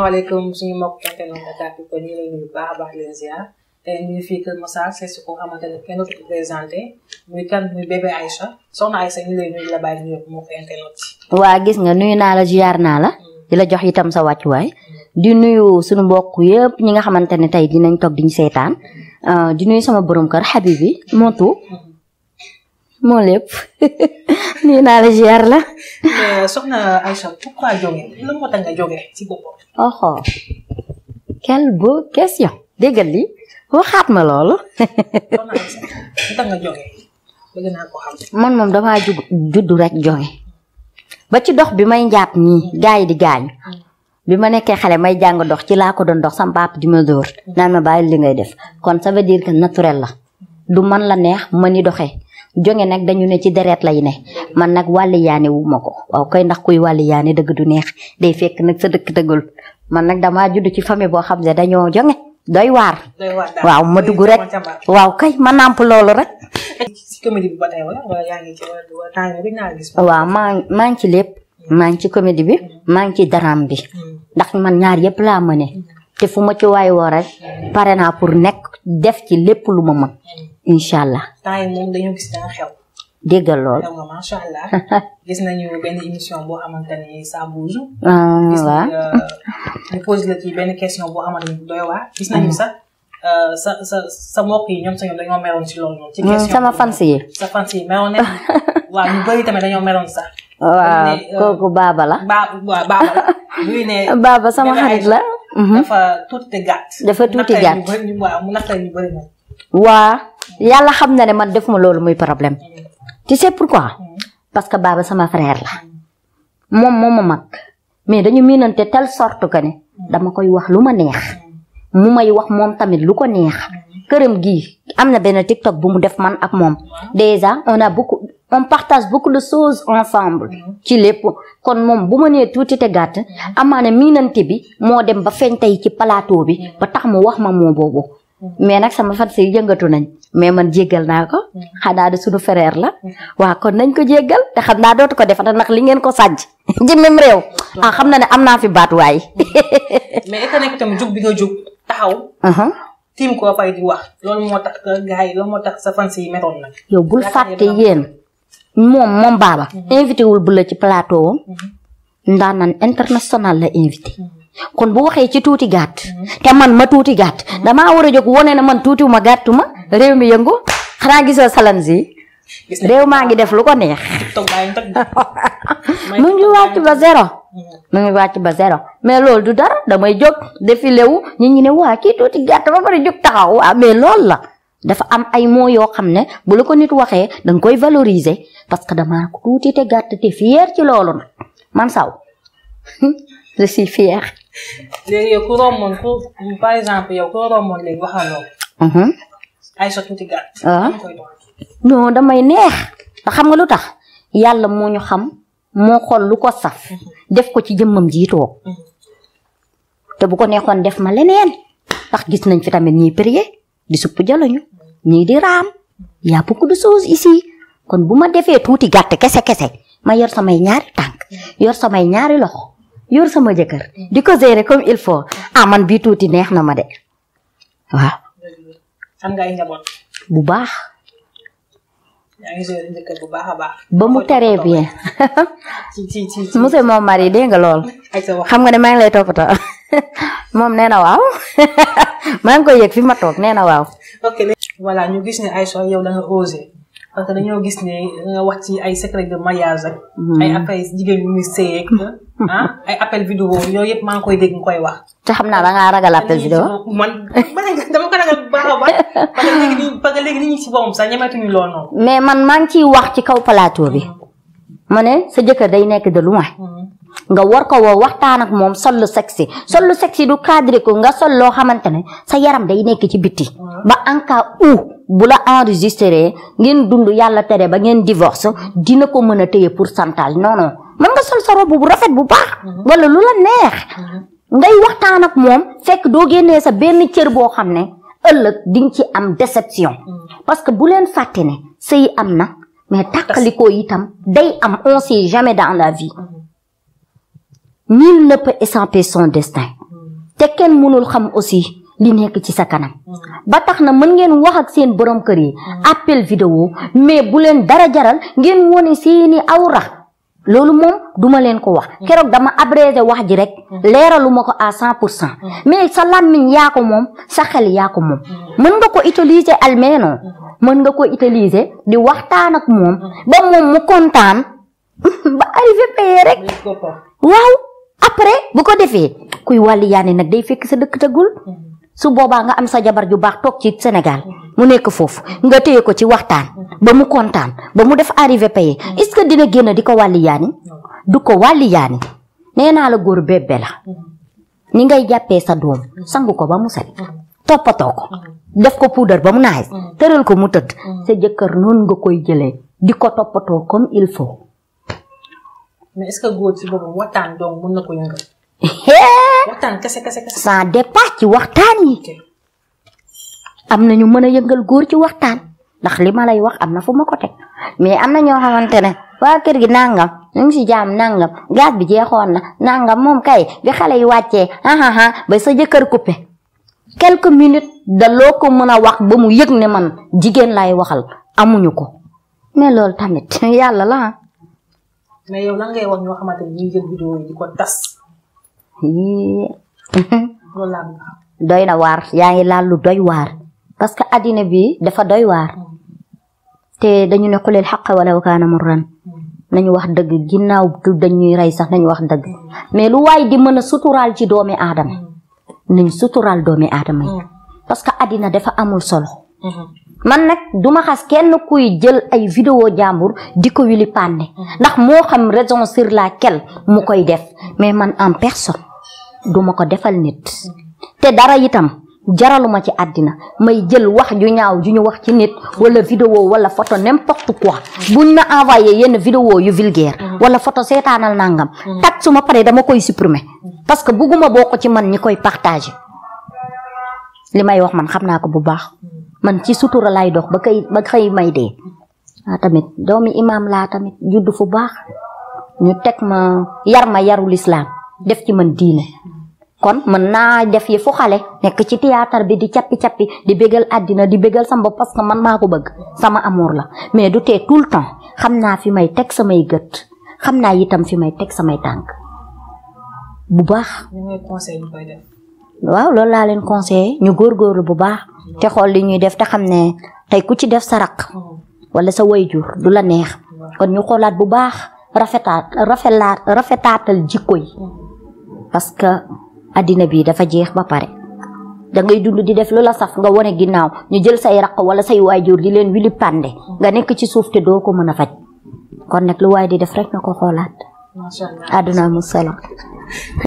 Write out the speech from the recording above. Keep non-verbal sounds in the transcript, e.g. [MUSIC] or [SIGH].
maaleykum suñu mbokk tante noonu la tàkk ko ñu leen bu baax a baax leen ziar tey ñu ngi fii Kër Massar ko xamante ne kenn dootu ko présenté muy kan muy bébé Aïcha soxna lay nuyu la bàyyi di nuyu mbokk internet yi. gis nga nuyu naa la ziar naa la. Mm. di la jox itam sa wàccuwaay. Mm. di nuyu suñu mbokk yëpp ñi nga xamante ne tey dinañ toog di ñu seetaan. Mm. Euh, di nuyu sama borom kër Habib moo lépp [LAUGHS] nii la ziar la. soxna Aïcha pourquoi jóge lan moo tax question dégg nga lii ma loolu. [LAUGHS] man moom damaa jug juddu rek jóge ba ci dox bi may njàpp nii gars di gaañ bi ma nekkee xale may jàng dox ci laa ko doon dox sama papa di ma dóor li ngay def kon ça veut dire naturel la du man la neex ma ni doxee. jonge nag dañu ne ci deret lay ne man nag wàlli yaane wu ko waaw koy ndax kuy wàlli yaane dëgg du neex day fekk nag sa dëkk dëggul man nag dama judd ci famille boo xam ne dañoo jonge doy waar. waaw ma dugg rek waaw kay ma nàmp rek. waaw maa maa ngi ci lépp. maa ngi ci comédie bi mm. maa ngi ci daraam bi mm. ndax man ñaar yëpp laa mëne mm. te fu ma ci waay woo rek pare naa pour nekk def ci lépp lu ma mën incha allah. temps yi moom dañoo gis daan xew. déggal lool xew nga macha allah. [LAUGHS] gis nañu benn émission boo xamante ni ça bouge. Ah, euh, la ci benn question boo xamante ni doy waar. gis mm-hmm. sax euh, sa sa sa mbokk yi ñoom sa ñoom dañoo meroon si loolu noonu. ci mm, question sama fans sa fans meroon nañu [LAUGHS] ñu bëri tamit dañoo meroon sax. waaw euh, kooku baaba la. ba waaw baaba la. [LAUGHS] sama xarit la. dafa mm-hmm. tuuti gàtt. dafa tuuti gàtt. waa. yàlla xam na ne man defuma loolu muy problème ti sais pourquoi parce que baaba sama frère la moom moo ma mag mais dañu miinante telle sort que ne dama koy wax lu ma neex mu may wax moom tamit lu ko neex këram gi am na benn TikTok bu mu def man ak moom déjà on a beaucoup on partage beaucoup de choses ensemble ci lépp kon moom bu ma nee tuuti te amaa amaana miinante bi moo dem ba feeñ tey ci plateau bi ba tax mu wax ma moo boobu mais nag sama fan si yëngatu nañ mais man jéggal naa ko mm. xanaa de suñu frère la mm. waa kon nañ ko jéggal te xam naa dootu ko defata ndax li ngeen ko sàjj jëmmem [LAUGHS] réew mm. ah xam na ne am naa fi baat waay mais état nekk tamit jug uh-huh. ko loolu moo sa fan si métoon nag yow bul fàtte yéen moom moom baaba mm-hmm. invité wul ci plateau am mm-hmm. ndaanaan international la invité mm-hmm. kon bu waxee ci tuuti gàtt te man ma tuuti gàtt damaa war a jóg wone na man tuuti ma gàttuma réew mi yëngu xanaa gisoo Salanzi réew maa ngi def lu ko neex [LAUGHS] mu ngi wàcc ba zéro mu ngi wàcc ba zéro mais loolu du dara damay jóg défilé wu ñu ngi ne waa kii tuuti gàtt ba lool la dafa am ay mots yoo xam ne bu la ko nit waxee danga koy valoriser parce que dama ko tuuti te gàtt te fier ci loolu nag man saw [LAUGHS] je suis fier léegi yow ku romboon ku par exemple yow ku romboon léegi waxaloo. Mhm. ay ah. damay neex. xam nga lu tax yàlla moo ñu xam moo xol lu ko saf. Mhm. def ko ci jëmmam jiitoo mhm. te bu ko neexoon def ma leneen tax gis nañ fi tamit ñiy prier di supp jaloñu ñii di raam y a beaucoup de choses ici kon bu ma defee tuuti gàtt kese kese ma yor samay ñaari tànk yor samay ñaari loxo. yor sama jëkkër di ko gérer comme il faut ah man bii tuuti neex na ma de waaw. nga ay bu baax. yaa ba mu teree bien. [LAUGHS] ci ci ci moom mari dégg nga lool. xam nga ne maa ngi lay toppatoo [LAUGHS] moom nee na waaw [LAUGHS] maa ngi koy yëg fi ma toog nee na waaw. ok voilà ñu gis parce que dañoo gis ne nga wax ci ay secret de mariage mhm. ay jigéen ñi muy seeyeg. Ah, [LAUGHS] ay appel vidéo yooyu yëpp maa ngi koy dégg nga koy wax. te xam naa da ngaa ragal appel vidéo. man dama ko ragal bu baax a baax parce que léegi nii parce que léegi nii ci boppam sax ñemetuñu lool noonu. mais man maa ngi ciy wax ci kaw plateau bi. Mhm. ma ne sa jëkkër day nekk de loin. Mhm. nga war ko woo waxtaan ak moom sol lu sexy sol lu sexy du cadre ko nga sol loo xamante ne sa yaram day nekk ci biti ba en cas où bu la enregistré ngeen dund yàlla tere ba ngeen divorce dina ko mën a téye pourcentage non non mën nga sol sa bu rafet bu baax wala lu la neex ngay waxtaan moom fekk doo génnee sa benn cër boo xam ne ëllëg di nga ci am déception parce que bu leen fàtte ne sëy am na mais tàqalikoo itam day am on sait jamais dans la vie nul ne peut échapper son destin te kenn mënul xam aussi li nekk ci sa kanam ba tax na mën ngeen wax ak seen borom kër yi appel vidéo mais bu leen dara jaral ngeen wone seeni awra loolu moom duma leen ko wax keroog dama abrégé wax ji rek leeralu ma ko à cent pour cent mais sa làmmiñ yaa ko moom sa xel ko moom mën nga ko utiliser almeno mën nga ko utiliser di waxtaan ak moom ba moom mu kontaan [LAUGHS] ba arrivé paye rek waaw après bu ko defee kuy wàlli nag day fekk sa dëkk tëggul su boobaa nga am sa jabar ju baax toog ci senegal mu nekk foofu nga téye ko ci waxtaan ba mu kontaan ba mu def arrivé payé est que dina génn di ko wàlli yaani du ko wàlli nee naa la góor bébé la ni ngay jàppee sa doom sangu ko ba mu set toppatoo ko def ko puudar ba mu naay tëral ko mu tëdd sa jëkkër noonu nga koy jëlee di ko toppatoo comme il faut mais est góor ci waxtaan dong mën ko yëngal. waxtaan kese kese ci waxtaan yi. am na ñu mën a yëngal góor ci waxtaan ndax li ma lay wax am na fu ma ko teg mais am na ñoo xamante ne waa kër gi nangam ñu ngi si jaam nangam gaz bi jeexoon na nangam moom kay bi xale yi wàccee ah, ah, ah ba sa jëkkër coupé quelques minutes da loo ko mën a wax ba mu yëg ne man jigéen lay waxal amuñu ko mais loolu tamit [LAUGHS] yàlla la mais yow lan ngay wax ñoo tas. [LAUGHS] loolu doy na waar yaa ngi laal lu doy waar. parce que addina bi dafa doy waar. Mm. te dañu ne xuleel xaq wala kaana murran mm. nañu wax dëgg ginnaaw du dañuy rey sax nañu wax dëgg mm. mais lu waay di mën a suturaal ci doomi aadama nañ suturaal doomi aadama yi parce que addina dafa amul solo. Mm-hmm. man nag duma xas kenn kuy jël ay vidéo jàmbur di ko wili pànne ndax moo xam raison sur laquelle mu koy def mais man en personne duma ko defal nit te dara itam jaraluma ci àddina may jël wax ju ñaaw ju ñu wax ci nit wala vidéo wala photo n'importe quoi buñ na envoyé yenn vidéo yu vulgaire wala photo seetaanal nangam tat su ma paree dama koy supprimer parce que bugguma boo ko ci man ñi koy partager li may wax man xam naa ko bu baax man ci sutura lay dox ba kay ba xëy may dee ah tamit doomi imaam laa tamit judd fu baax ñu teg ma yar ma yaru lislaam def ci man diine kon mën naa def yi fu xale nekk ci théâtre bi di cappi cappi di bégal àddina di bëggal sama bopp parce que man maa ko bëgg sama amour la mais du tee tout le temps xam naa fi may teg samay gët xam naa itam fi may teg samay tànk bu baax. waaw loolu laa leen conseillé ñu góorgóorlu bu baax te xool li ñuy def te xam ne tey ku ci def sa raq wala sa way jur du la neex kon ñu xoolaat bu baax rafetaat rafetaat rafetaatal jikko yi parce que addina bi dafa jeex ba pare dangay ngay di def lu la saf nga wane ginnaaw ñu jël say raq wala say jur di leen wili pande nga nekk ci suuf te doo ko mën a faj kon nag lu waay di def rek na ko xoolaat. macha allah àdduna mu solo.